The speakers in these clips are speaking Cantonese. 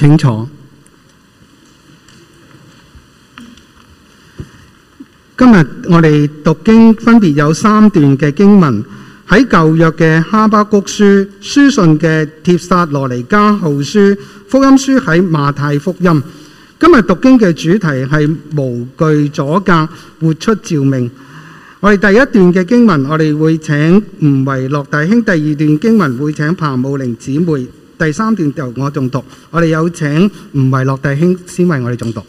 請坐。今日我哋讀經分別有三段嘅經文，喺舊約嘅哈巴谷書、書信嘅帖撒羅尼加後書、福音書喺馬太福音。今日讀經嘅主題係無懼阻隔，活出照明。我哋第一段嘅經文，我哋會請吳維樂弟兄；第二段經文會請彭武玲姊妹。第三段就我誦讀，我哋有請吳維樂弟兄先為我哋誦讀。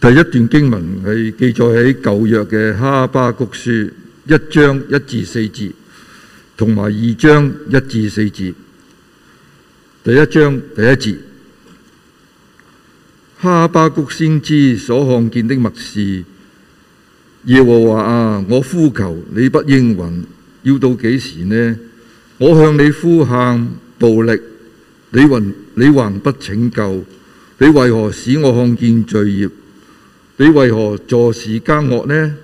第一段經文係記載喺舊約嘅哈巴谷書一章一至四節，同埋二章一至四節。第一章第一節。哈巴谷先知所看見的默示，耶和華啊，我呼求你不應允，要到幾時呢？我向你呼喊暴力，你還你還不拯救？你為何使我看見罪孽？你為何坐視奸惡呢？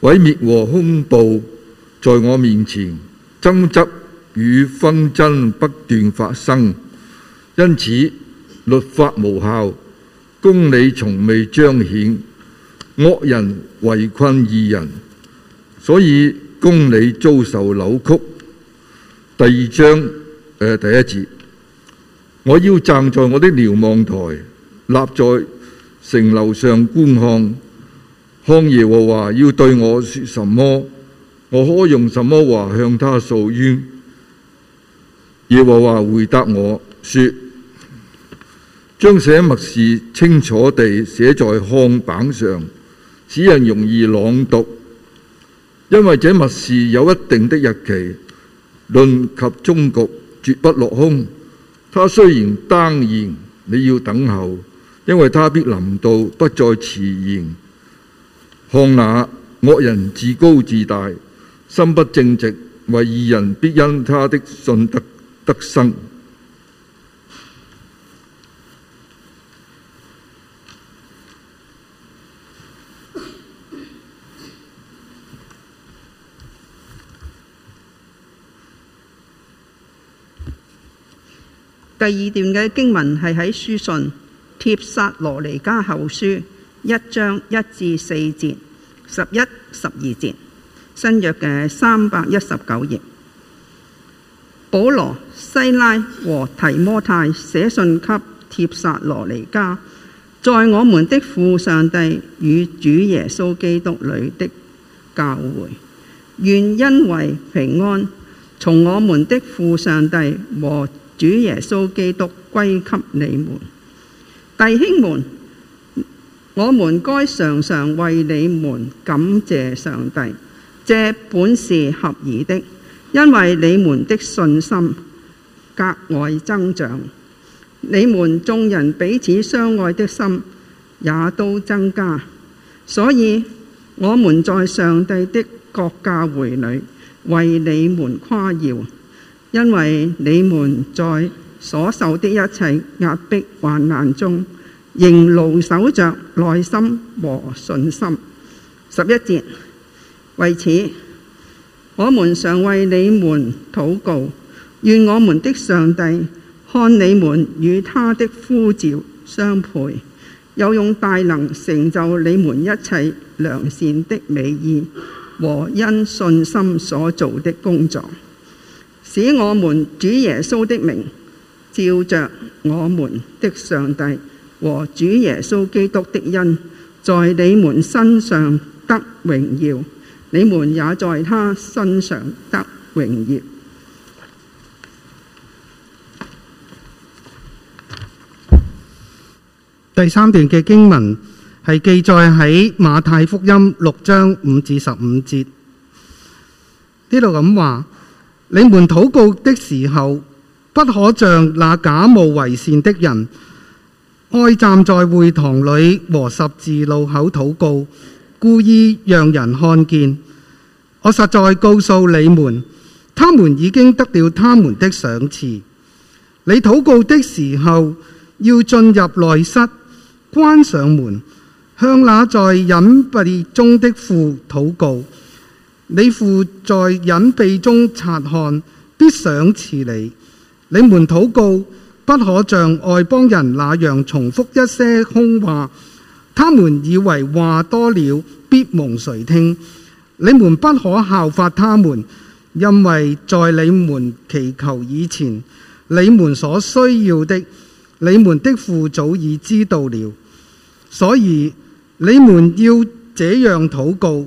毀滅和兇暴在我面前，爭執與紛爭不斷發生，因此律法無效。公理從未彰顯，惡人圍困義人，所以公理遭受扭曲。第二章誒、呃、第一節，我要站在我的瞭望台，立在城樓上觀看，看耶和華要對我說什麼，我可用什麼話向他訴冤？耶和華回答我說。將寫默示清楚地寫在看板上，使人容易朗讀。因為這默示有一定的日期，論及終局絕不落空。他雖然躭延，你要等候，因為他必臨到，不再遲延。看哪，惡人自高自大，心不正直，惟義人必因他的信得得，得生。第二段嘅經文係喺書信帖撒羅尼加後書一章一至四節十一十二節，新約嘅三百一十九頁。保羅西拉和提摩太寫信給帖撒羅尼加，在我們的父上帝與主耶穌基督裏的教會，願因為平安，從我們的父上帝和主耶穌基督歸給你們，弟兄們，我們該常常為你們感謝上帝，這本是合宜的，因為你們的信心格外增長，你們眾人彼此相愛的心也都增加，所以我們在上帝的各教會裏為你們誇耀。因為你們在所受的一切壓迫、患難中，仍勞守着耐心和信心。十一節，為此，我們常為你們禱告，願我們的上帝看你們與他的呼召相配，又用大能成就你們一切良善的美意和因信心所做的工作。使我們主耶穌的名照着我們的上帝和主耶穌基督的恩，在你們身上得榮耀，你們也在他身上得榮耀。第三段嘅經文係記載喺馬太福音六章五至十五節，呢度咁話。你們禱告的時候，不可像那假冒為善的人，愛站在會堂裏和十字路口禱告，故意讓人看見。我實在告訴你們，他們已經得了他們的賞賜。你禱告的時候，要進入內室，關上門，向那在隱蔽中的父禱告。你父在隱秘中察看，必賞賜你。你們禱告，不可像外邦人那樣重複一些空話。他們以為話多了，必蒙垂聽。你們不可效法他們，因為在你們祈求以前，你們所需要的，你們的父早已知道了。所以你們要這樣禱告。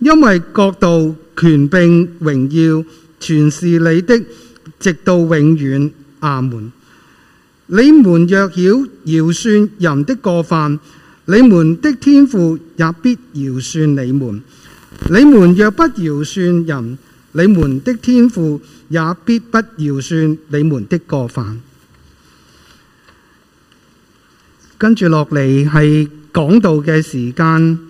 因為國度、權柄、榮耀，全是你的，直到永遠。阿門。你們若曉饒恕人的過犯，你們的天父也必饒恕你們；你們若不饒恕人，你們的天父也必不饒恕你們的過犯。跟住落嚟係講道嘅時間。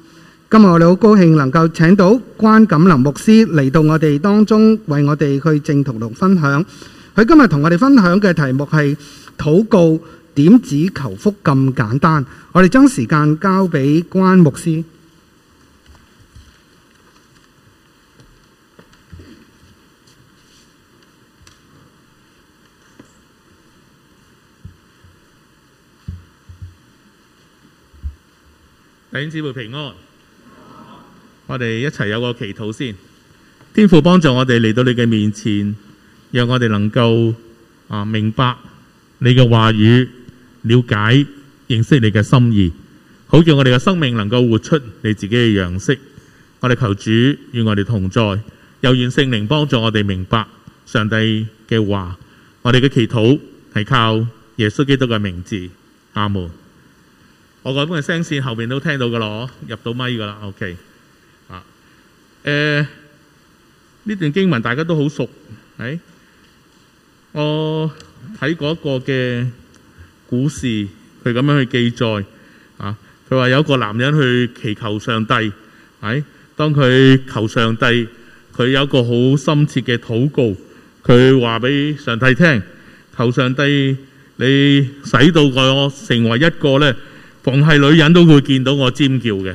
今日我哋好高興能夠請到關錦能牧師嚟到我哋當中，為我哋去證道同分享。佢今日同我哋分享嘅題目係禱告點止求福咁簡單。我哋將時間交俾關牧師，平安。我哋一齊有個祈禱先，天父幫助我哋嚟到你嘅面前，讓我哋能夠啊、呃、明白你嘅話語，了解認識你嘅心意，好叫我哋嘅生命能夠活出你自己嘅樣式。我哋求主與我哋同在，又願聖靈幫助我哋明白上帝嘅話。我哋嘅祈禱係靠耶穌基督嘅名字，阿門。我嗰邊嘅聲線後邊都聽到噶咯，入到咪噶啦，OK。誒，呢、呃、段經文大家都好熟，係我睇過一個嘅古事，佢咁樣去記載啊。佢話有一個男人去祈求上帝，係當佢求上帝，佢有一個好深切嘅禱告，佢話畀上帝聽，求上帝你使到我成為一個咧，逢係女人都會見到我尖叫嘅。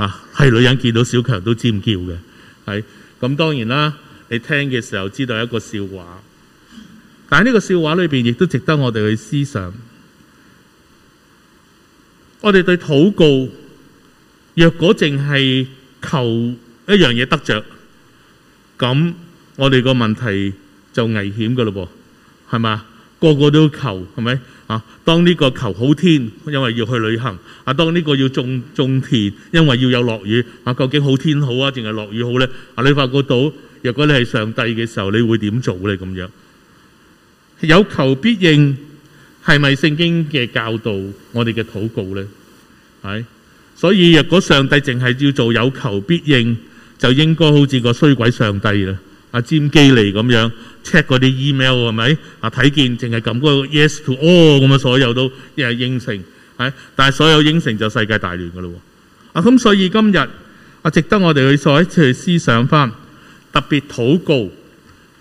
啊，係女人見到小強都尖叫嘅，係咁當然啦。你聽嘅時候知道一個笑話，但係呢個笑話裏邊亦都值得我哋去思想。我哋對禱告，若果淨係求一樣嘢，得着，咁我哋個問題就危險噶咯噃，係嘛？個個都求，係咪？啊！當呢個求好天，因為要去旅行；啊，當呢個要種種田，因為要有落雨。啊，究竟好天好啊，定係落雨好呢？啊，你發覺到，若果你係上帝嘅時候，你會點做呢？咁樣有求必應係咪聖經嘅教導？我哋嘅禱告呢？係，所以若果上帝淨係叫做有求必應，就應該好似個衰鬼上帝啦。阿尖機嚟咁樣 check 嗰啲 email 係咪？阿睇見淨係咁嗰個 yes to all 咁嘅，所有都一係應承係，但係所有應承就世界大亂㗎啦喎！啊咁，所以今日啊，值得我哋去再一次去思想返，特別禱告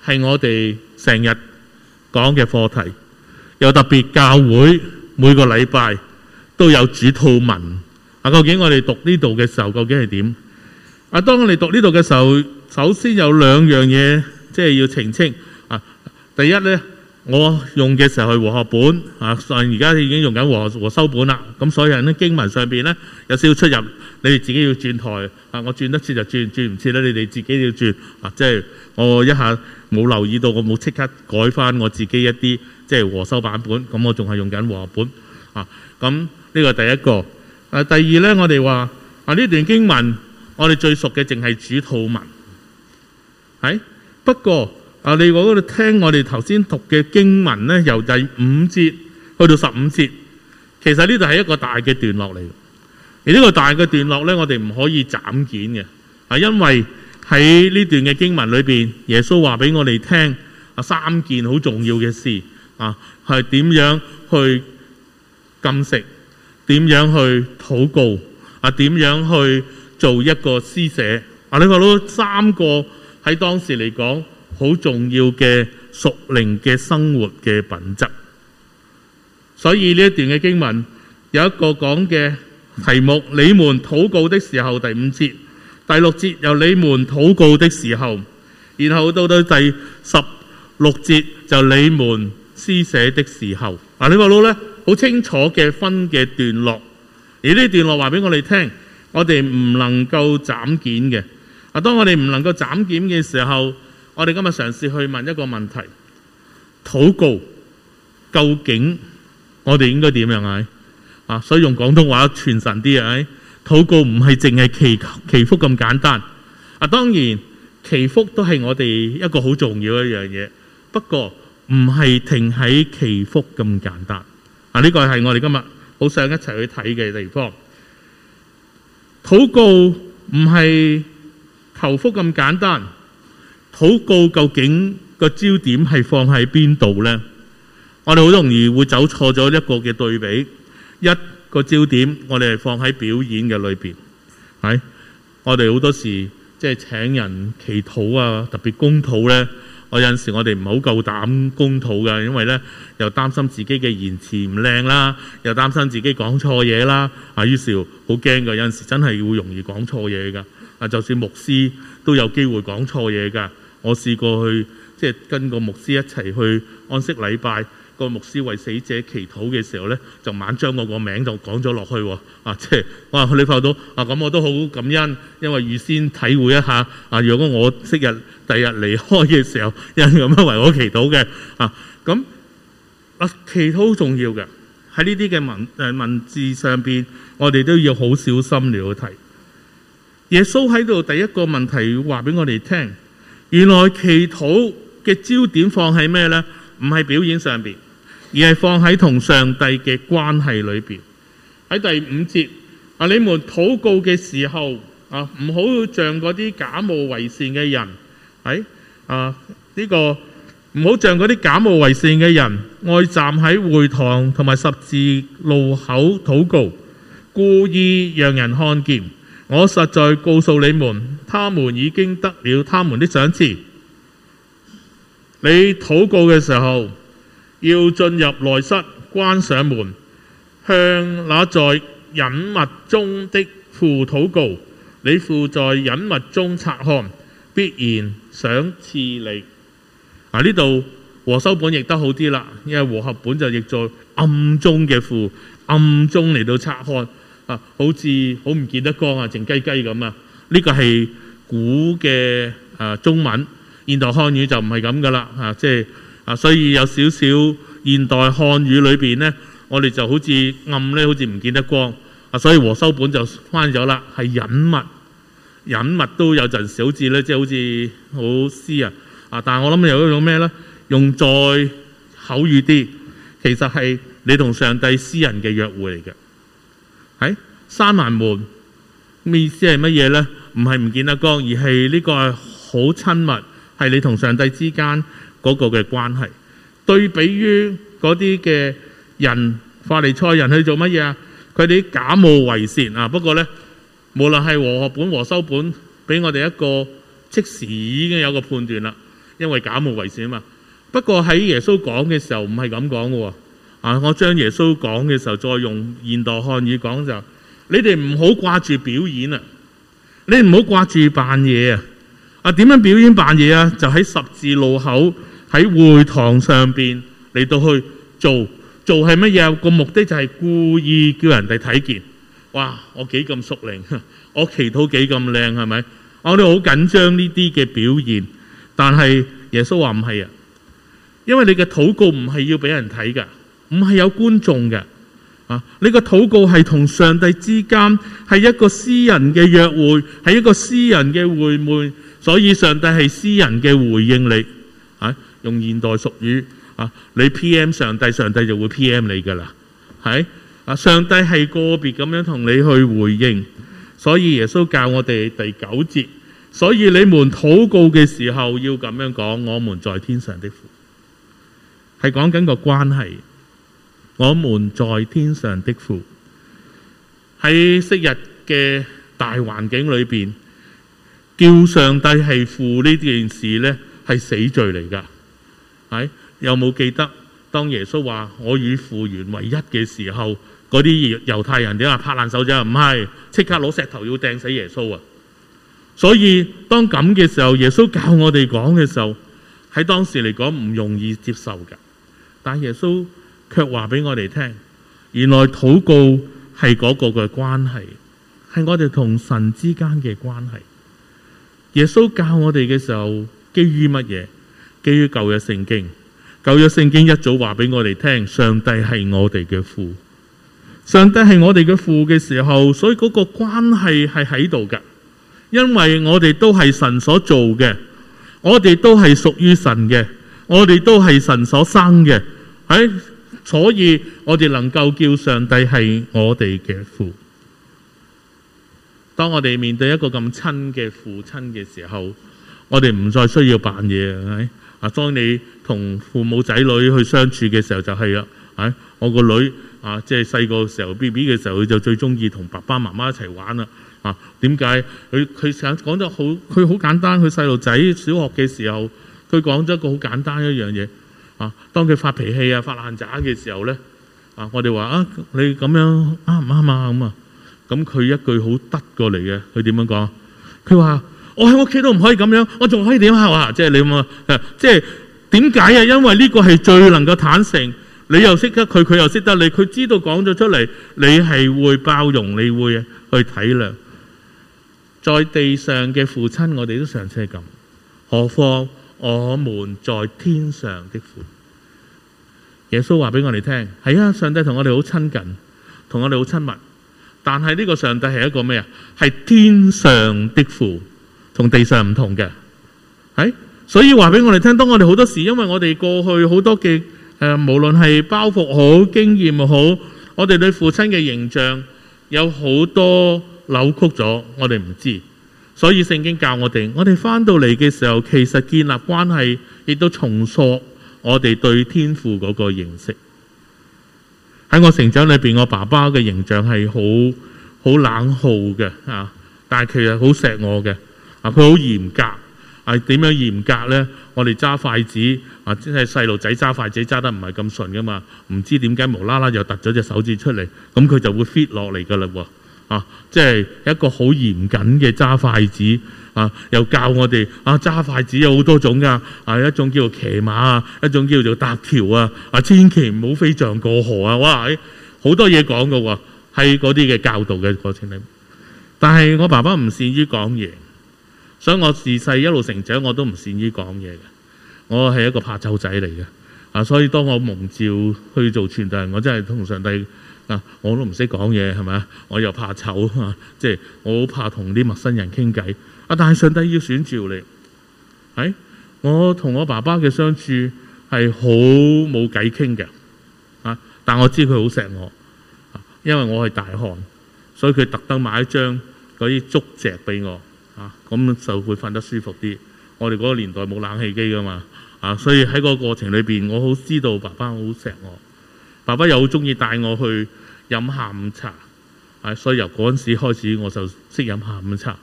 係我哋成日講嘅課題，又特別教會每個禮拜都有主禱文。啊，究竟我哋讀呢度嘅時候究竟係點？啊，當我哋讀呢度嘅時候。首先有兩樣嘢，即係要澄清啊。第一呢，我用嘅時候係和合本啊，但而家已經用緊和和修本啦。咁所以呢，經文上邊呢，有少少出入，你哋自己要轉台啊。我轉得切就轉，轉唔切咧，你哋自己要轉啊。即係我一下冇留意到，我冇即刻改翻我自己一啲即係和修版本，咁我仲係用緊和合本啊。咁、嗯、呢、呢個第一個啊，第二呢，我哋話啊，呢段經文我哋最熟嘅，淨係主禱文。係，不過啊，你如果聽我哋頭先讀嘅經文咧，由第五節去到十五節，其實呢度係一個大嘅段落嚟。而呢個大嘅段落咧，我哋唔可以斬件嘅，係因為喺呢段嘅經文裏邊，耶穌話俾我哋聽啊三件好重要嘅事啊，係點樣去禁食，點樣去禱告，啊，點樣去做一個施捨啊？你話到三個。喺當時嚟講，好重要嘅屬靈嘅生活嘅品質。所以呢一段嘅經文有一個講嘅題目：你們禱告的時候，第五節、第六節由你們禱告的時候，然後到到第十六節就是、你們施捨的時候。嗱、啊、呢個都咧好清楚嘅分嘅段落，而呢段落話俾我哋聽，我哋唔能夠斬件嘅。當我哋唔能夠斬檢嘅時候，我哋今日嘗試去問一個問題：禱告究竟我哋應該點樣啊？啊，所以用廣東話傳神啲啊！禱告唔係淨係祈祈福咁簡單啊。當然祈福都係我哋一個好重要一樣嘢，不過唔係停喺祈福咁簡單啊。呢個係我哋今日好想一齊去睇嘅地方。禱告唔係。求福咁簡單，禱告究竟個焦點係放喺邊度呢？我哋好容易會走錯咗一個嘅對比，一個焦點我哋係放喺表演嘅裏邊，係我哋好多時即係請人祈禱啊，特別公禱呢。有我有陣時我哋唔好夠膽公禱噶，因為呢又擔心自己嘅言辭唔靚啦，又擔心自己講錯嘢啦。啊，於是好驚噶，有陣時真係會容易講錯嘢噶。啊！就算牧師都有機會講錯嘢㗎。我試過去即係跟個牧師一齊去安息禮拜，個牧師為死者祈禱嘅時候呢，就猛將我個名就講咗落去啊，即係我你睇到啊，咁、啊、我都好感恩，因為預先體會一下啊。如果我息日第日離開嘅時候，有人咁樣為我祈禱嘅啊，咁啊，祈禱好重要嘅喺呢啲嘅文誒、啊、文字上邊，我哋都要好小心嚟睇。耶穌喺度，第一個問題要話俾我哋聽，原來祈禱嘅焦點放喺咩呢？唔係表演上邊，而係放喺同上帝嘅關係裏邊。喺第五節啊，你們禱告嘅時候啊，唔好像嗰啲假冒為善嘅人喺、哎、啊呢、這個唔好像嗰啲假冒為善嘅人，愛站喺會堂同埋十字路口禱告，故意讓人看見。我實在告訴你們，他們已經得了他們的賞賜。你禱告嘅時候，要進入內室，關上門，向那在隱密中的父禱告。你父在隱密中察看，必然賞賜你。嗱，呢度和修本亦得好啲啦，因為和合本就譯在暗中嘅父，暗中嚟到察看。啊！好似好唔見得光啊，靜雞雞咁啊！呢個係古嘅誒、呃、中文，現代漢語就唔係咁噶啦。啊，即係啊，所以有少少現代漢語裏邊咧，我哋就好似暗咧，好似唔見得光啊。所以和修本就翻咗啦，係隱密。隱密都有陣小字咧，即係好似好私啊。啊，但係我諗有種咩咧，用再口語啲，其實係你同上帝私人嘅約會嚟嘅。喺、哎、閂埋門，咁意思係乜嘢呢？唔係唔見得光，而係呢個好親密，係你同上帝之間嗰個嘅關係。對比於嗰啲嘅人法利賽人去做乜嘢啊？佢哋假冒為善啊！不過呢，無論係和合本、和修本，俾我哋一個即時已經有個判斷啦，因為假冒為善啊嘛。不過喺耶穌講嘅時候，唔係咁講嘅喎。啊！我將耶穌講嘅時候，再用現代漢語講就：你哋唔好掛住表演啊。你唔好掛住扮嘢啊！啊，點樣表演扮嘢啊？就喺十字路口，喺會堂上邊嚟到去做做係乜嘢？個、啊、目的就係故意叫人哋睇見哇！我幾咁熟練，我祈禱幾咁靚係咪？我哋好緊張呢啲嘅表現，但係耶穌話唔係啊，因為你嘅禱告唔係要俾人睇㗎。唔係、嗯、有觀眾嘅啊！呢個禱告係同上帝之間係一個私人嘅約會，係一個私人嘅會晤，所以上帝係私人嘅回應你啊。用現代俗語啊，你 P.M. 上帝，上帝就會 P.M. 你㗎喇，係啊。上帝係個別咁樣同你去回應，所以耶穌教我哋第九節，所以你們禱告嘅時候要咁樣講，我們在天上的父，係講緊個關係。我們在天上的父，喺昔日嘅大環境裏邊，叫上帝係父呢件事呢，係死罪嚟噶。係有冇記得當耶穌話我與父原為一嘅時候，嗰啲猶太人點解拍爛手掌？唔係即刻攞石頭要掟死耶穌啊！所以當咁嘅時候，耶穌教我哋講嘅時候，喺當時嚟講唔容易接受噶。但耶穌。卻話俾我哋聽，原來禱告係嗰個嘅關係，係我哋同神之間嘅關係。耶穌教我哋嘅時候，基於乜嘢？基於舊約聖經。舊約聖經一早話俾我哋聽，上帝係我哋嘅父，上帝係我哋嘅父嘅時候，所以嗰個關係係喺度㗎。因為我哋都係神所做嘅，我哋都係屬於神嘅，我哋都係神所生嘅喺。哎所以我哋能夠叫上帝係我哋嘅父。當我哋面對一個咁親嘅父親嘅時候，我哋唔再需要扮嘢。啊，當你同父母仔女去相處嘅時候，就係啦。啊，我個女啊，即係細個嘅時候，B B 嘅時候，佢就最中意同爸爸媽媽一齊玩啦。啊，點解？佢佢成日講得好，佢好簡單。佢細路仔小學嘅時候，佢講咗一個好簡單一樣嘢。啊！當佢發脾氣啊、發爛渣嘅時候咧，啊！我哋話啊，你咁樣啱唔啱啊？咁啊，咁佢、啊嗯、一句好得過嚟嘅，佢點樣講？佢話我喺屋企都唔可以咁樣，我仲可以點樣啊？即係你咁啊？即係點解啊？因為呢個係最能夠坦誠，你又識得佢，佢又識得你，佢知道講咗出嚟，你係會包容，你會去體諒。在地上嘅父親，我哋都尚且咁，何況我們在天上的父？耶穌話俾我哋聽，係啊，上帝同我哋好親近，同我哋好親密。但係呢個上帝係一個咩啊？係天上的父，同地上唔同嘅。係，所以話俾我哋聽，當我哋好多時，因為我哋過去好多嘅、誒、呃，無論係包袱好、經驗好，我哋對父親嘅形象有好多扭曲咗，我哋唔知。所以聖經教我哋，我哋翻到嚟嘅時候，其實建立關係亦都重塑。我哋對天父嗰個認識，喺我成長裏邊，我爸爸嘅形象係好好冷酷嘅啊！但係其實好錫我嘅啊，佢好嚴格，係、啊、點樣嚴格呢？我哋揸筷子啊，即係細路仔揸筷子揸得唔係咁順噶嘛？唔知點解無啦啦又突咗隻手指出嚟，咁、啊、佢就會 fit 落嚟噶啦喎啊！即係一個好嚴謹嘅揸筷子。啊、又教我哋啊，揸筷子有好多種噶，啊，一種叫做騎馬啊，一種叫做搭橋啊，啊千祈唔好飛象過河啊，哇，好、欸、多嘢講噶，係嗰啲嘅教導嘅過程咧。但係我爸爸唔善於講嘢，所以我自細一路成長，我都唔善於講嘢嘅。我係一個怕醜仔嚟嘅啊，所以當我蒙召去做傳道人，我真係同上帝啊，我都唔識講嘢，係咪啊？我又怕醜啊，即係我好怕同啲陌生人傾偈。啊！但係上帝要選召你，喺、哎、我同我爸爸嘅相處係好冇偈傾嘅啊！但我知佢好錫我，啊，因為我係大汗，所以佢特登買一張嗰啲竹席畀我啊，咁就會瞓得舒服啲。我哋嗰個年代冇冷氣機噶嘛啊，所以喺個過程裏邊，我好知道爸爸好錫我。爸爸又好鍾意帶我去飲下午茶啊，所以由嗰陣時開始，我就識飲下午茶。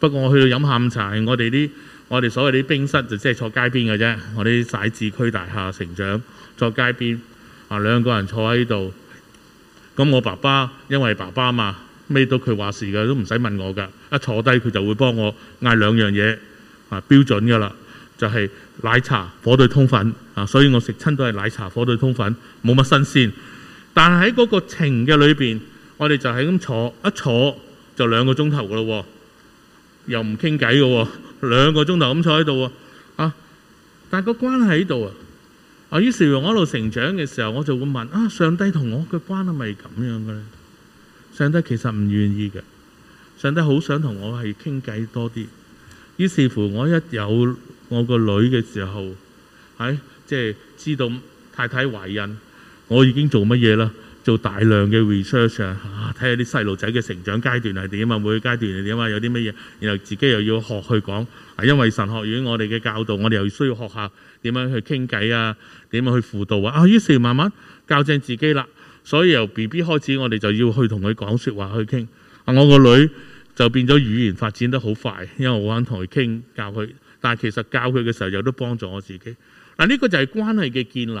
不過我去到飲下午茶，我哋啲我哋所謂啲冰室就即係坐街邊嘅啫。我啲寫字區大廈成長坐街邊啊，兩個人坐喺度。咁我爸爸因為爸爸嘛，咩都佢話事嘅都唔使問我㗎。一坐低佢就會幫我嗌兩樣嘢啊，標準㗎啦，就係奶茶火腿通粉啊。所以我食親都係奶茶火腿通粉，冇乜新鮮。但係喺嗰個情嘅裏邊，我哋就係咁坐一坐就兩個鐘頭㗎咯喎。啊又唔傾偈嘅喎，兩個鐘頭咁坐喺度啊！但個關係喺度啊啊！於是乎我一路成長嘅時候，我就會問啊：上帝同我嘅關係係咪咁樣嘅咧？上帝其實唔願意嘅，上帝好想同我係傾偈多啲。於是乎我一有我個女嘅時候，喺即係知道太太懷孕，我已經做乜嘢啦？做大量嘅 research 啊，睇下啲細路仔嘅成長階段係點啊，每個階段係點啊，有啲乜嘢，然後自己又要學去講，係、啊、因為神學院我哋嘅教導，我哋又要需要學下點樣去傾偈啊，點樣去輔導啊，啊，於是慢慢校正自己啦。所以由 BB 開始，我哋就要去同佢講說話，去傾。啊，我個女就變咗語言發展得好快，因為我肯同佢傾，教佢。但係其實教佢嘅時候，又都幫助我自己。嗱、啊，呢、呢個就係關係嘅建立。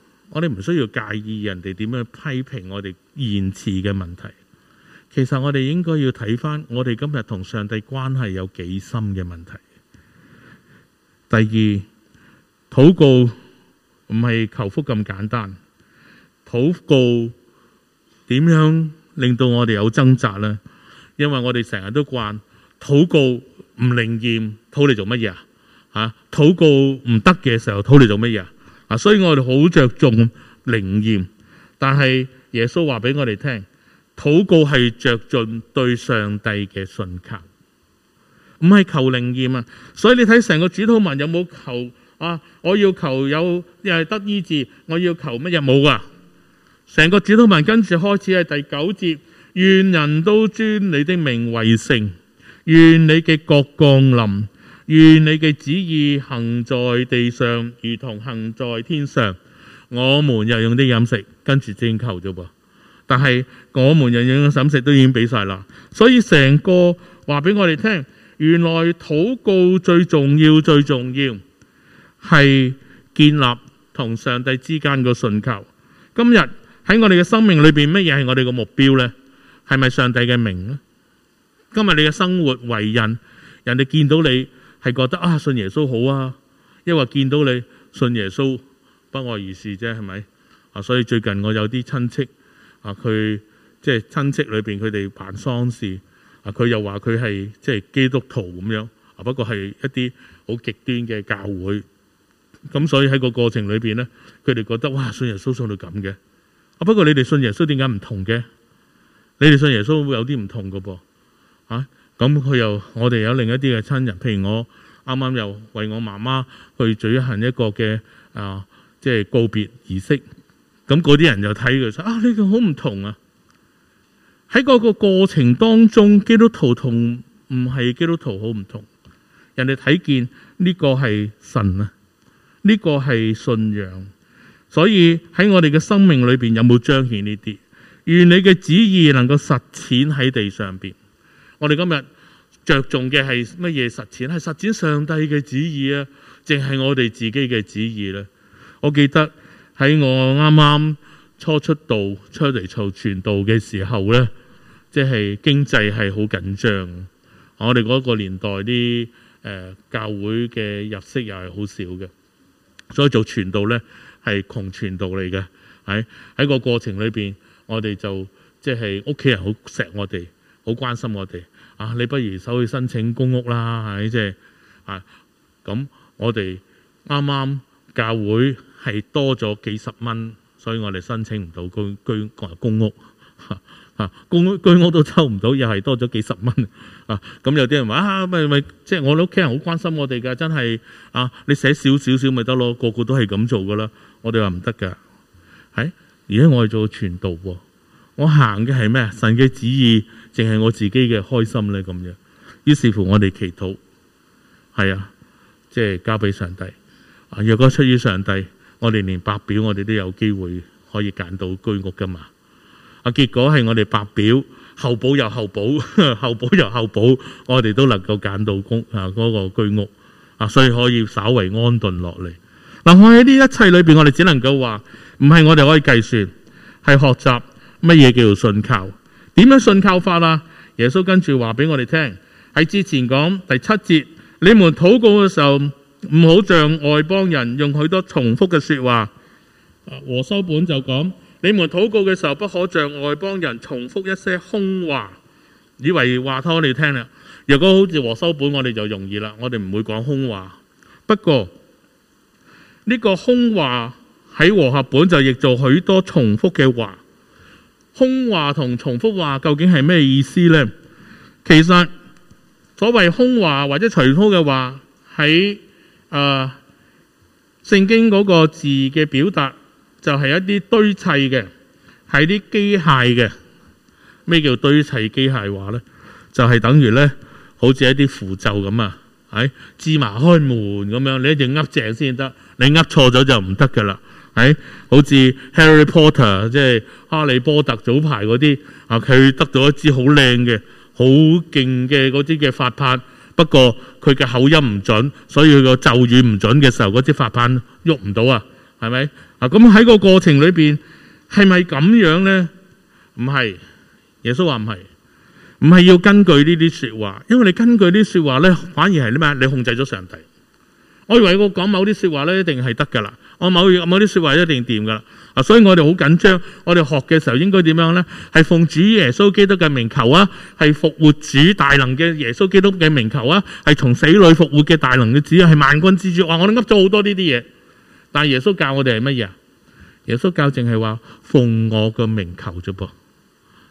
我哋唔需要介意人哋點樣批評我哋現時嘅問題。其實我哋應該要睇翻我哋今日同上帝關係有幾深嘅問題。第二，禱告唔係求福咁簡單。禱告點樣令到我哋有掙扎呢？因為我哋成日都慣禱告唔靈驗，禱嚟做乜嘢啊？吓，禱告唔得嘅時候，禱嚟做乜嘢啊？啊！所以我哋好着重靈驗，但係耶穌話俾我哋聽，禱告係着重對上帝嘅信靠，唔係求靈驗啊！所以你睇成個主禱文有冇求啊？我要求有又係得醫治，我要求乜嘢冇啊？成個主禱文跟住開始係第九節，願人都尊你的名為聖，願你嘅國降臨。願你嘅旨意行在地上，如同行在天上。我們又用啲飲食跟住正求啫噃，但係我們又用啲飲食都已經俾晒啦。所以成個話俾我哋聽，原來禱告最重要，最重要係建立同上帝之間個信求。今日喺我哋嘅生命裏邊，乜嘢係我哋嘅目標呢？係咪上帝嘅名呢？今日你嘅生活為人，人哋見到你。係覺得啊，信耶穌好啊，因為見到你信耶穌不外如是啫，係咪啊？所以最近我有啲親戚啊，佢即係親戚裏邊佢哋辦喪事啊，佢又話佢係即係基督徒咁樣啊，不過係一啲好極端嘅教會。咁、啊、所以喺個過程裏邊咧，佢哋覺得哇，信耶穌信到咁嘅啊，不過你哋信耶穌點解唔同嘅？你哋信耶穌會有啲唔同噶噃啊？咁佢又，我哋有另一啲嘅親人，譬如我啱啱又為我媽媽去舉行一個嘅啊、呃，即係告別儀式。咁嗰啲人就睇佢，說啊，呢、呢個好唔同啊！喺嗰個，個過程當中，基督徒同唔係基督徒好唔同。人哋睇見呢個係神啊，呢、呢個係信仰。所以喺我哋嘅生命裏邊，有冇彰顯呢啲？願你嘅旨意能夠實踐喺地上邊。我哋今日着重嘅係乜嘢實踐？係實踐上帝嘅旨意啊，淨係我哋自己嘅旨意咧、啊？我記得喺我啱啱初出道出嚟做傳道嘅時候咧，即係經濟係好緊張，我哋嗰個年代啲誒、呃、教會嘅入息又係好少嘅，所以做傳道咧係窮傳道嚟嘅。喺喺個過程裏邊，我哋就即係屋企人好錫我哋，好關心我哋。啊！你不如走去申請公屋啦，係咪？即係啊！咁我哋啱啱教會係多咗幾十蚊，所以我哋申請唔到居居啊公屋嚇嚇公居屋都抽唔到，又係多咗幾十蚊啊！咁有啲人話啊，咪咪即係我哋屋企人好關心我哋噶，真係啊！你寫少少少咪得咯，個個都係咁做噶啦。我哋話唔得㗎，係而家我哋做傳道喎，我行嘅係咩啊？神嘅旨意。淨係我自己嘅開心呢，咁樣。於是乎我哋祈禱，係啊，即係交俾上帝。啊，若果出於上帝，我哋連白表我哋都有機會可以揀到居屋噶嘛。啊，結果係我哋白表後補又後補， 後補又後補，我哋都能夠揀到公啊嗰個居屋啊，所以可以稍為安頓落嚟。嗱，我喺呢一切裏邊，我哋只能夠話，唔係我哋可以計算，係學習乜嘢叫做信靠。點樣信靠法啊？耶穌跟住話畀我哋聽，喺之前講第七節，你們禱告嘅時候唔好像外邦人用許多重複嘅說話。和修本就講，你們禱告嘅時候不可像外邦人重複一些空話，以為話畀我哋聽啦。若果好似和修本，我哋就容易啦，我哋唔會講空話。不過呢個空話喺和合本就譯做許多重複嘅話。空話同重複話究竟係咩意思咧？其實所謂空話或者重複嘅話，喺啊、呃、聖經嗰個字嘅表達就係、是、一啲堆砌嘅，係啲機械嘅。咩叫堆砌機械話咧？就係、是、等於咧，好似一啲符咒咁啊，係芝麻開門咁樣，你一定呃正先得，你呃錯咗就唔得㗎喇。喺好似 Harry Potter，即係哈利波特早排嗰啲啊，佢得到一支好靚嘅、好勁嘅嗰啲嘅法拍。不過佢嘅口音唔準，所以佢個咒語唔準嘅時候，嗰支法棒喐唔到啊，係咪啊？咁喺個過程裏邊係咪咁樣呢？唔係，耶穌話唔係，唔係要根據呢啲說話，因為你根據啲說話呢，反而係咩？你控制咗上帝。我以為我講某啲說話呢，一定係得噶啦。我某某啲說話一定掂噶啦，啊！所以我哋好緊張，我哋學嘅時候應該點樣咧？係奉主耶穌基督嘅名求啊！係復活主大能嘅耶穌基督嘅名求啊！係從死裏復活嘅大能嘅主啊！係萬軍之主啊！我哋噏咗好多呢啲嘢，但係耶穌教我哋係乜嘢啊？耶穌教淨係話奉我嘅名求啫噃。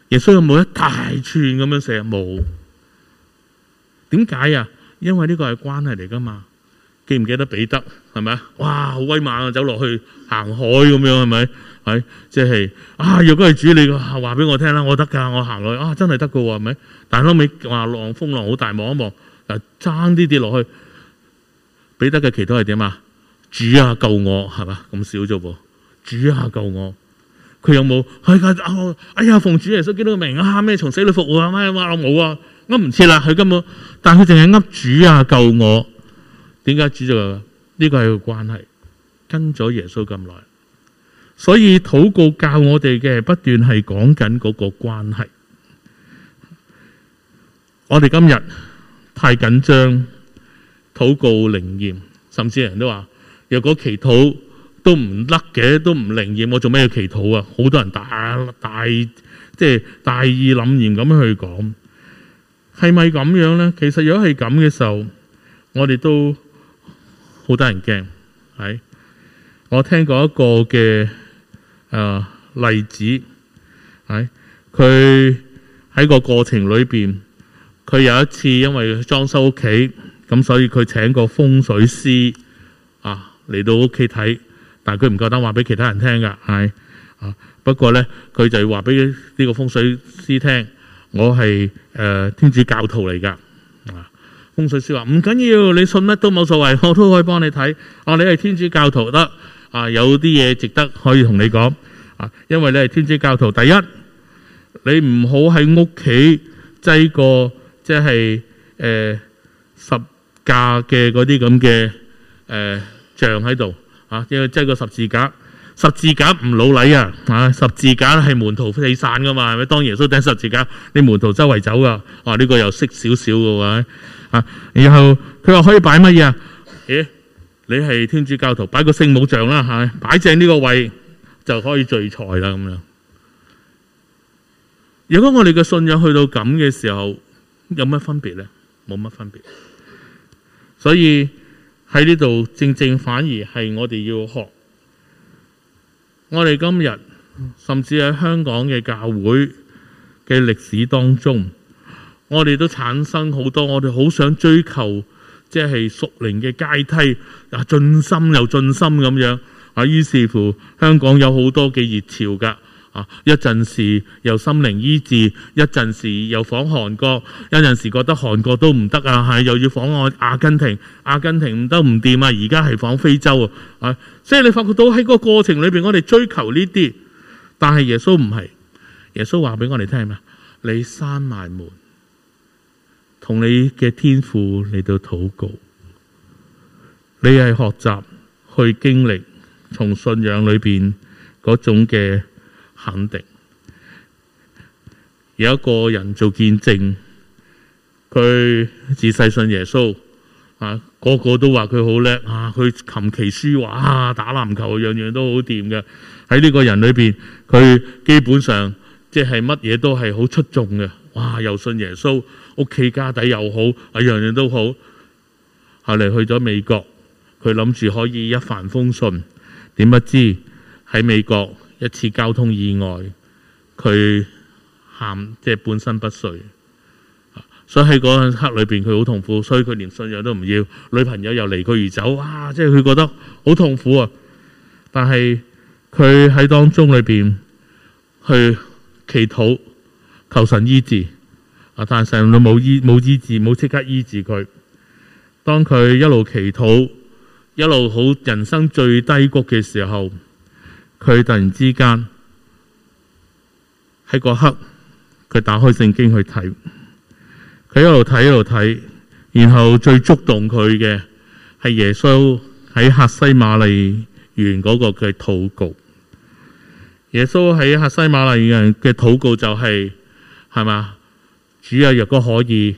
耶穌有冇一大串咁樣寫冇？點解啊？因為呢個係關係嚟噶嘛？記唔記得彼得？係咪啊？哇，好威猛啊！走落去行海咁樣，係咪係？即係啊！若果係主你話話俾我聽啦，我得噶，我行落去啊，真係得噶，係咪？但係後尾話浪風浪好大，望一望嗱，爭啲跌落去，彼得嘅祈禱係點啊？主啊，救我，係嘛，咁少咗噃？主啊，救我，佢有冇係啊？哎呀，奉主耶穌基督嘅名啊！咩從死裏復活啊？咩話冇啊？噏唔切啦。佢根本但佢淨係噏主啊，救我，點解主就？呢個係個關係，跟咗耶穌咁耐，所以禱告教我哋嘅不斷係講緊嗰個關係。我哋今日太緊張，禱告靈驗，甚至人都話：若果祈禱都唔甩嘅，都唔靈驗，我做咩要祈禱啊？好多人大大即係大義凜然咁去講，係咪咁樣呢？其實如果係咁嘅時候，我哋都。好多人驚，係我聽過一個嘅誒例子，係佢喺個過程裏邊，佢有一次因為裝修屋企，咁所以佢請個風水師啊嚟到屋企睇，但係佢唔夠膽話俾其他人聽噶，係啊，不過咧佢就要話俾呢個風水師聽，我係誒天主教徒嚟噶啊。風水師話唔緊要，你信乜都冇所謂，我都可以幫你睇。啊，你係天主教徒得啊，有啲嘢值得可以同你講啊，因為你係天主教徒。第一，你唔好喺屋企擠個即係誒十架嘅嗰啲咁嘅誒像喺度啊，即係擠個十字架。十字架唔老禮啊！啊，十字架係門徒四散噶嘛，係咪？當耶穌頂十字架，你門徒周圍走噶、啊。哇、啊，呢、啊這個又識少少噶喎！啊，然後佢話可以擺乜嘢啊？咦，你係天主教徒，擺個聖母像啦，吓、啊、擺正呢個位就可以聚財啦咁樣。如果我哋嘅信仰去到咁嘅時候，有乜分別呢？冇乜分別。所以喺呢度正正反而係我哋要學。我哋今日甚至喺香港嘅教會嘅歷史當中，我哋都產生好多，我哋好想追求，即係屬靈嘅階梯，啊進深又進深咁樣，啊於是乎香港有好多嘅熱潮噶。啊！一陣時又心靈醫治，一陣時又訪韓國，一陣時覺得韓國都唔得啊，係又要訪我阿根廷，阿根廷唔得唔掂啊，而家係訪非洲啊，即係你發覺到喺個過程裏邊，我哋追求呢啲，但係耶穌唔係耶穌話俾我哋聽咩？你閂埋門，同你嘅天父嚟到禱告，你係學習去經歷從信仰裏邊嗰種嘅。肯定有一個人做見證，佢自細信耶穌，啊個個都話佢好叻啊！佢琴棋書畫、打籃球樣樣都好掂嘅。喺呢個人裏邊，佢基本上即係乜嘢都係好出眾嘅。哇！又信耶穌，屋企家底又好，啊樣樣都好。後來去咗美國，佢諗住可以一帆風順，點不知喺美國。一次交通意外，佢，喊即係半身不遂，所以喺嗰一刻裏邊佢好痛苦，所以佢連信仰都唔要，女朋友又離佢而走，哇！即係佢覺得好痛苦啊。但係佢喺當中裏邊去祈禱求神醫治，啊，但係神都冇醫冇醫治冇即刻醫治佢。當佢一路祈禱一路好人生最低谷嘅時候。佢突然之間喺個刻，佢打開聖經去睇，佢一路睇一路睇，然後最觸動佢嘅係耶穌喺客西馬尼園嗰個嘅禱告。耶穌喺客西馬尼園嘅禱告就係，係嘛，主啊，若果可以，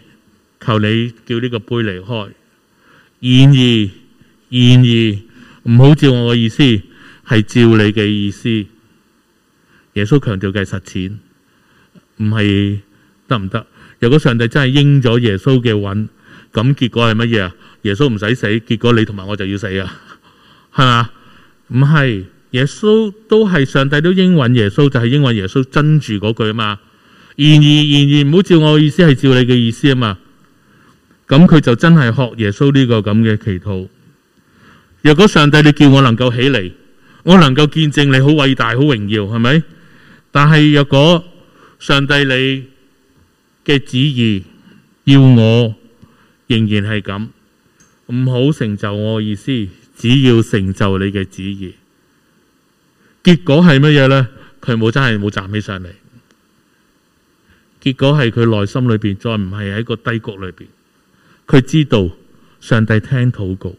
求你叫呢個杯離開。然而，然而，唔好照我嘅意思。係照你嘅意思。耶穌強調嘅係實踐，唔係得唔得？若果上帝真係應咗耶穌嘅允，咁結果係乜嘢啊？耶穌唔使死，結果你同埋我就要死啊？係 嘛？唔係耶穌都係上帝都應允耶穌，就係、是、應允耶穌真住嗰句啊嘛。然而，而，而，而，然而唔好照我嘅意思，係照你嘅意思啊嘛。咁佢就真係學耶穌呢個咁嘅祈禱。若果上帝你叫我能夠起嚟。我能夠見證你好偉大、好榮耀，係咪？但係若果上帝你嘅旨意要我仍然係咁，唔好成就我意思，只要成就你嘅旨意。結果係乜嘢呢？佢冇真係冇站起上嚟。結果係佢內心裏邊再唔係喺個低谷裏邊，佢知道上帝聽禱告，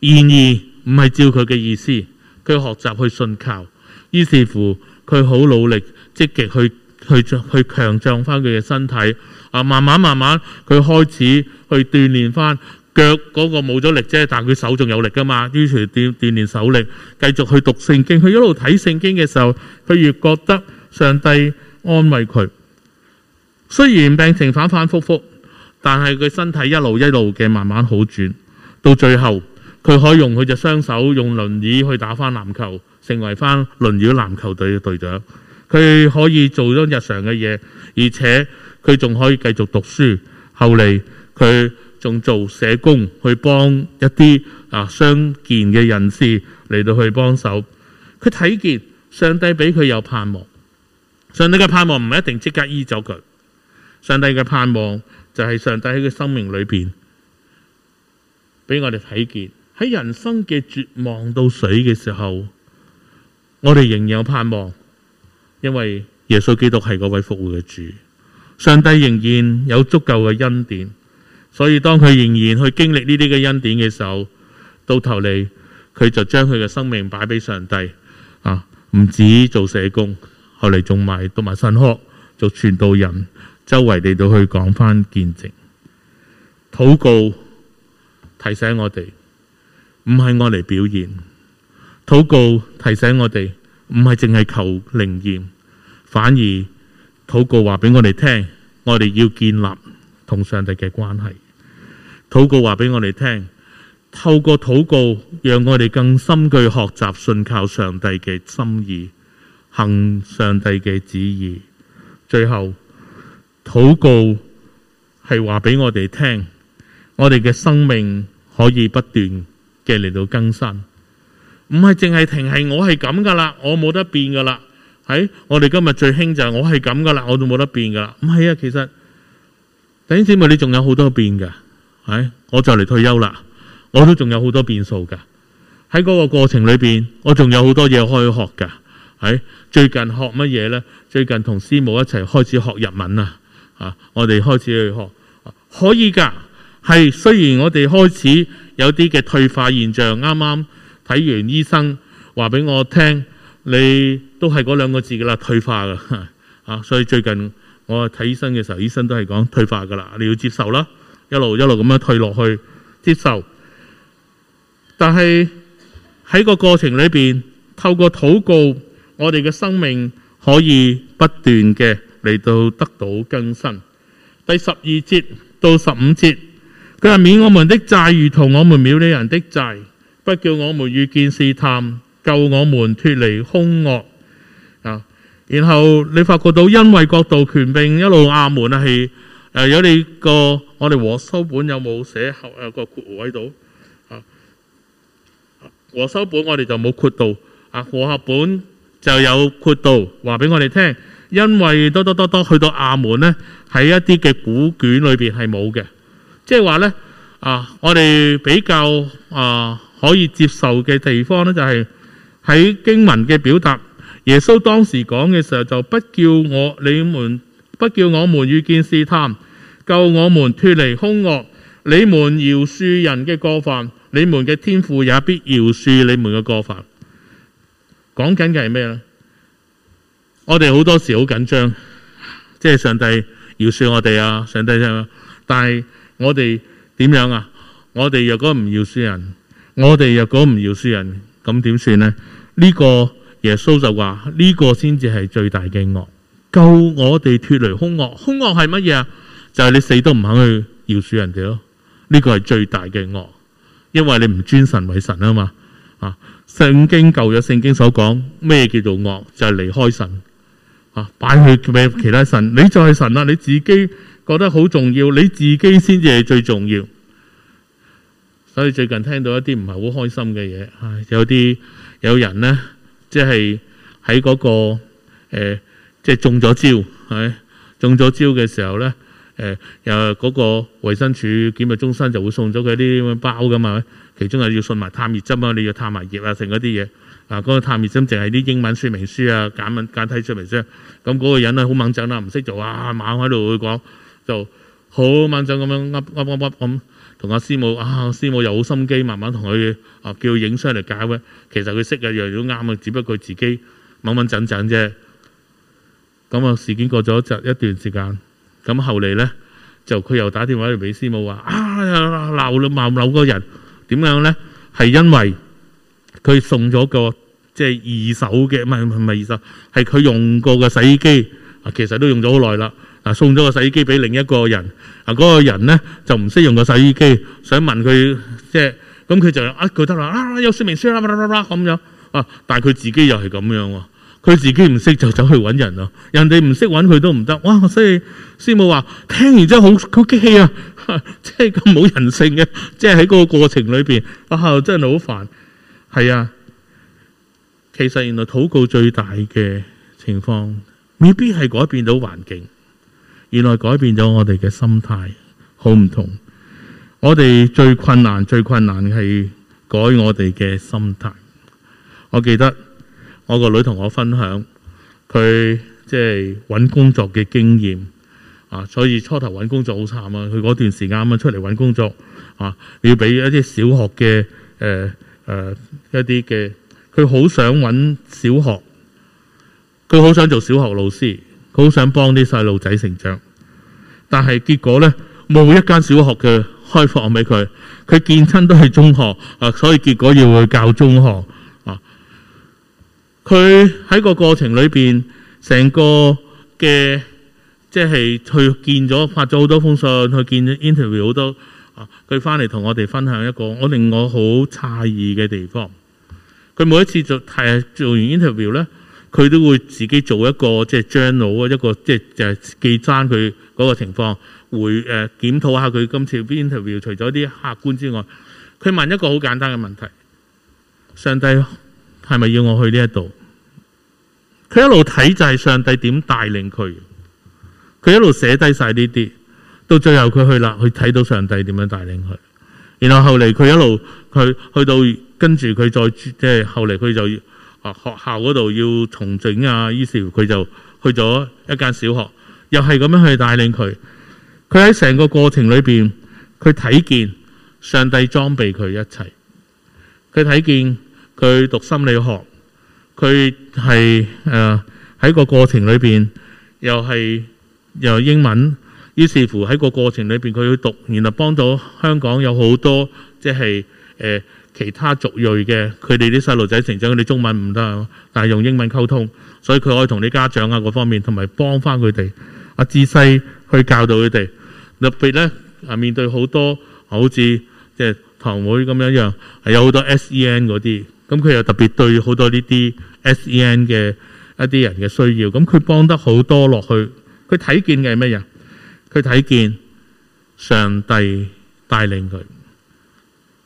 然而唔係照佢嘅意思。佢學習去信靠，於是乎佢好努力積極去去去，去強壯翻佢嘅身體。啊，慢慢慢慢，佢開始去鍛鍊翻腳嗰個冇咗力啫，但係佢手仲有力噶嘛。於是鍛鍊手力，繼續去讀聖經。佢一路睇聖經嘅時候，佢越覺得上帝安慰佢。雖然病情反反覆覆，但係佢身體一路一路嘅慢慢好轉，到最後。佢可以用佢隻雙手用輪椅去打翻籃球，成為翻輪椅籃球隊嘅隊長。佢可以做咗日常嘅嘢，而且佢仲可以繼續讀書。後嚟佢仲做社工，去幫一啲啊傷健嘅人士嚟到去幫手。佢睇見上帝俾佢有盼望，上帝嘅盼望唔一定即刻醫走佢。上帝嘅盼望就係上帝喺佢生命裏邊俾我哋睇見。喺人生嘅絕望到死嘅時候，我哋仍然有盼望，因為耶穌基督係嗰位復活嘅主。上帝仍然有足夠嘅恩典，所以當佢仍然去經歷呢啲嘅恩典嘅時候，到頭嚟佢就將佢嘅生命擺俾上帝啊。唔止做社工，後嚟仲埋讀埋神學，就傳道人周圍嚟到去講返見證，禱告提醒我哋。唔係我嚟，表現禱告提醒我哋唔係淨係求靈驗，反而禱告話俾我哋聽，我哋要建立同上帝嘅關係。禱告話俾我哋聽，透過禱告讓我哋更深具學習信靠上帝嘅心意，行上帝嘅旨意。最後禱告係話俾我哋聽，我哋嘅生命可以不斷嘅嚟到更新，唔係淨係停，係我係咁噶啦，我冇得變噶啦。喺我哋今日最興就係我係咁噶啦，我都冇得變噶啦。唔係啊，其實頂師母你仲有好多變噶，係我就嚟退休啦，我都仲有好多變數噶。喺嗰個過程裏邊，我仲有好多嘢可以學噶。喺最近學乜嘢呢？最近同師母一齊開始學日文啊！啊，我哋開始去學，可以噶。係雖然我哋開始有啲嘅退化現象，啱啱睇完醫生話俾我聽，你都係嗰兩個字噶啦，退化噶吓、 啊。所以最近我睇醫生嘅時候，醫生都係講退化噶啦，你要接受啦，一路一路咁樣退落去接受。但係喺個過程裏邊，透過禱告，我哋嘅生命可以不斷嘅嚟到得到更新。第十二節到十五節。佢話免我們的債，如同我們廟裏人的債，不叫我們遇見試探，救我們脫離凶惡啊！然後你發覺到，因為國度權柄一路亞門啊，係誒有你個我哋和修本有冇寫合有個括位度啊？和修本我哋就冇括度啊，和合本就有括度，話俾我哋聽，因為多多多多去到亞門呢喺一啲嘅古卷裏邊係冇嘅。即係話呢，啊！我哋比較啊可以接受嘅地方呢，就是，就係喺經文嘅表達，耶穌當時講嘅時候就，就 不叫我你們不叫我們遇見試探，救我們脫離凶惡。你們饒恕人嘅過犯，你們嘅天父也必饒恕你們嘅過犯。講緊嘅係咩咧？我哋好多時好緊張，即、就、係、是、上帝饒恕我哋啊！上帝聽但係。我哋點樣啊？我哋若果唔饒恕人，我哋若果唔饒恕人，咁點算呢？呢、這個耶穌就話呢、這個先至係最大嘅惡，救我哋脫離凶惡。凶惡係乜嘢啊？就係、是，你死都唔肯去饒恕人哋咯。呢、這個係最大嘅惡，因為你唔尊神為神啊嘛。啊，聖經舊約聖經所講咩叫做惡？就係、是，離開神啊，擺去俾其他神。你就係神啊，你自己。覺得好重要，你自己先至係最重要。所以最近聽到一啲唔係好開心嘅嘢，有啲有人呢，即係喺嗰個、呃、即係中咗招，哎、中咗招嘅時候呢，誒又嗰個衞生署檢疫中心就會送咗佢啲包㗎嘛，其中係要送埋探熱針啊，你要探埋熱啊，剩嗰啲嘢。嗱，嗰個探熱針淨係啲英文說明書啊、簡文簡體說明書，咁嗰個人咧好猛震啦，唔識做啊，猛喺度會講。就好掹掹咁樣噏噏噏噏噏咁，同阿師母啊，師母又好心機，慢慢同佢啊叫影相嚟搞嘅。其實佢識嘅樣樣都啱啊，只不過佢自己掹掹掙掙啫。咁啊，事件過咗就一段時間。咁後嚟咧，就佢又打電話嚟俾師母話啊鬧咗鬧鬧個人點樣咧？係因為佢送咗個即係二手嘅，唔係唔係二手，係佢用過嘅洗衣機啊，其實都用咗好耐啦。送咗個洗衣機俾另一個人，啊、那、嗰個人咧就唔識用個洗衣機，想問佢即係咁，佢就啊，佢得啦啊，有説明書啦啦啦啦咁樣啊。但係佢自己又係咁樣喎，佢、啊、自己唔識就走去揾人咯、啊。人哋唔識揾佢都唔得。哇、啊！所以師母話：聽完之後好好激氣啊，即係咁冇人性嘅，即係喺嗰個過程裏邊，啊，真係好、啊啊、煩係啊。其實原來禱告最大嘅情況未必係改變到環境。原來改變咗我哋嘅心態，好唔同。我哋最困難、最困難係改我哋嘅心態。我記得我個女同我分享，佢即係揾工作嘅經驗啊，所以初頭揾工作好慘啊。佢嗰段時間啊出嚟揾工作啊，要俾一啲小學嘅誒誒一啲嘅，佢好想揾小學，佢好想做小學老師。好想幫啲細路仔成長，但係結果呢，冇一間小學嘅開放俾佢，佢見親都係中學啊，所以結果要去教中學啊。佢喺個過程裏邊，成個嘅即係去見咗，發咗好多封信，去見咗 interview 好多啊。佢翻嚟同我哋分享一個我令我好詫異嘅地方，佢每一次做係做完 interview 呢。佢都會自己做一個即係 journal 啊，一個即係就係記攢佢嗰個情況，會誒、呃、檢討下佢今次 interview 除咗啲客觀之外，佢問一個好簡單嘅問題：上帝係咪要我去呢一度？佢一路睇就係上帝點帶領佢，佢一路寫低晒呢啲，到最後佢去啦，佢睇到上帝點樣帶領佢。然後後嚟佢一路去去到跟住佢再即係後嚟佢就要。學校嗰度要重整啊，於是乎佢就去咗一間小學，又係咁樣去帶領佢。佢喺成個過程裏邊，佢睇見上帝裝備佢一切。佢睇見佢讀心理學，佢係誒喺個過程裏邊又係又係英文，於是乎喺個過程裏邊佢要讀，然後幫到香港有好多即係誒。呃其他族裔嘅佢哋啲細路仔成長，佢哋中文唔得，但係用英文溝通，所以佢可以同啲家長啊各方面，同埋幫翻佢哋啊自細去教導佢哋。特別咧啊面對好多好似即係堂會咁樣樣，係有好多 SEN 嗰啲，咁佢又特別對好多呢啲 SEN 嘅一啲人嘅需要，咁佢幫得好多落去。佢睇見嘅係咩嘢？佢睇見上帝帶領佢。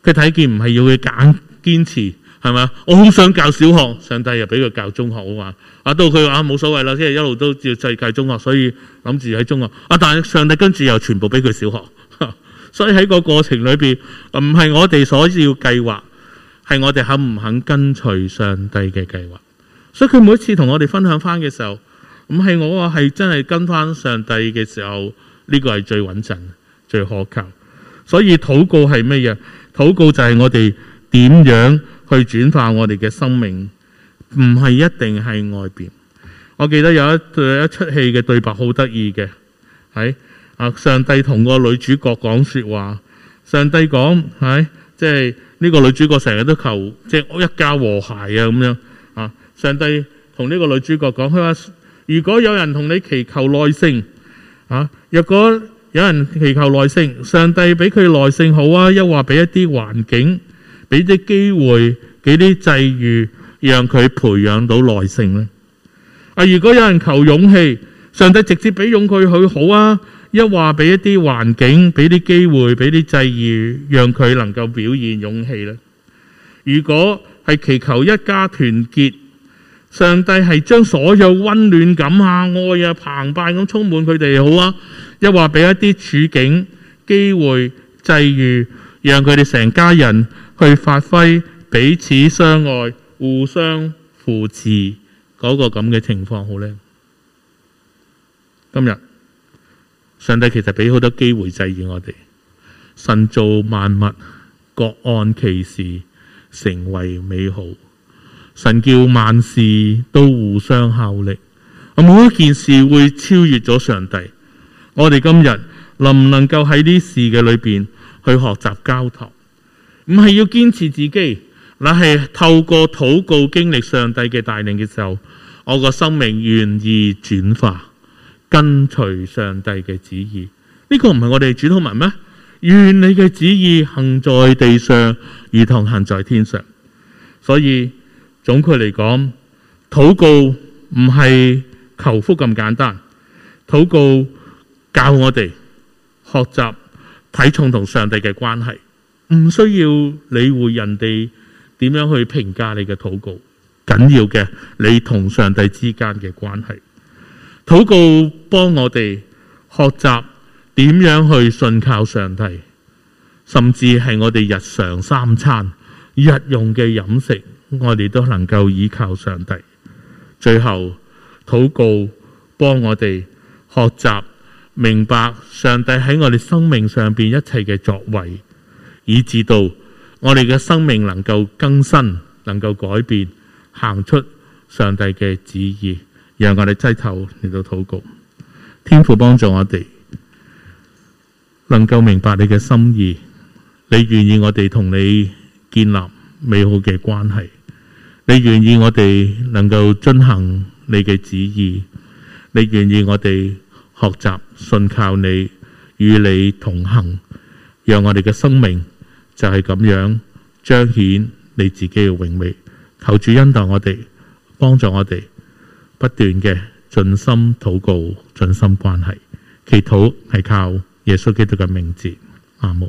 佢睇見唔係要佢揀堅持係咪？我好想教小學，上帝又俾佢教中學。我話啊，到佢話冇所謂啦，即係一路都照制教中學，所以諗住喺中學啊。但係上帝跟住又全部俾佢小學，所以喺個過程裏邊唔係我哋所要計劃，係我哋肯唔肯跟隨上帝嘅計劃。所以佢每一次同我哋分享翻嘅時候，唔係我話係真係跟翻上帝嘅時候呢、這個係最穩陣、最可靠。所以禱告係咩嘢？禱告就係我哋點樣去轉化我哋嘅生命，唔係一定係外邊。我記得有一有一出戲嘅對白好得意嘅，喺啊上帝同個女主角講說話，上帝講喺即係呢個女主角成日都求即係、就是、一家和諧啊咁樣啊，上帝同呢個女主角講，佢話如果有人同你祈求耐性，啊，如果。有人祈求耐性，上帝俾佢耐性好啊？抑或俾一啲環境，俾啲機會，俾啲際遇，讓佢培養到耐性咧？啊，如果有人求勇氣，上帝直接俾勇氣佢好啊？抑或俾一啲環境，俾啲機會，俾啲際遇，讓佢能夠表現勇氣咧？如果係祈求一家團結，上帝係將所有溫暖感啊、愛啊澎湃咁充滿佢哋好啊？一話俾一啲處境、機會、際遇，讓佢哋成家人去發揮彼此相愛、互相扶持嗰個咁嘅情況，好呢？今日上帝其實俾好多機會際遇我哋。神造萬物，各按其時成為美好。神叫萬事都互相效力，我冇一件事會超越咗上帝。我哋今日能唔能夠喺呢事嘅裏邊去學習交託，唔係要堅持自己，乃係透過禱告經歷上帝嘅帶領嘅時候，我個生命願意轉化，跟隨上帝嘅旨意。呢、這個唔係我哋主禱文咩？願你嘅旨意行在地上，如同行在天上。所以總括嚟講，禱告唔係求福咁簡單，禱告。教我哋學習體重同上帝嘅關係，唔需要理會人哋點樣去評價你嘅禱告，緊要嘅，你同上帝之間嘅關係。禱告幫我哋學習點樣去信靠上帝，甚至係我哋日常三餐日用嘅飲食，我哋都能夠依靠上帝。最後，禱告幫我哋學習。明白上帝喺我哋生命上邊一切嘅作為，以至到我哋嘅生命能夠更新，能夠改變，行出上帝嘅旨意，讓我哋低頭嚟到禱告。天父幫助我哋，能夠明白你嘅心意，你願意我哋同你建立美好嘅關係，你願意我哋能夠遵行你嘅旨意，你願意我哋，學習信靠你，與你同行，讓我哋嘅生命就係咁樣彰顯你自己嘅榮美。求主恩待我哋，幫助我哋不斷嘅盡心禱告、盡心關係。祈禱係靠耶穌基督嘅名字。阿門。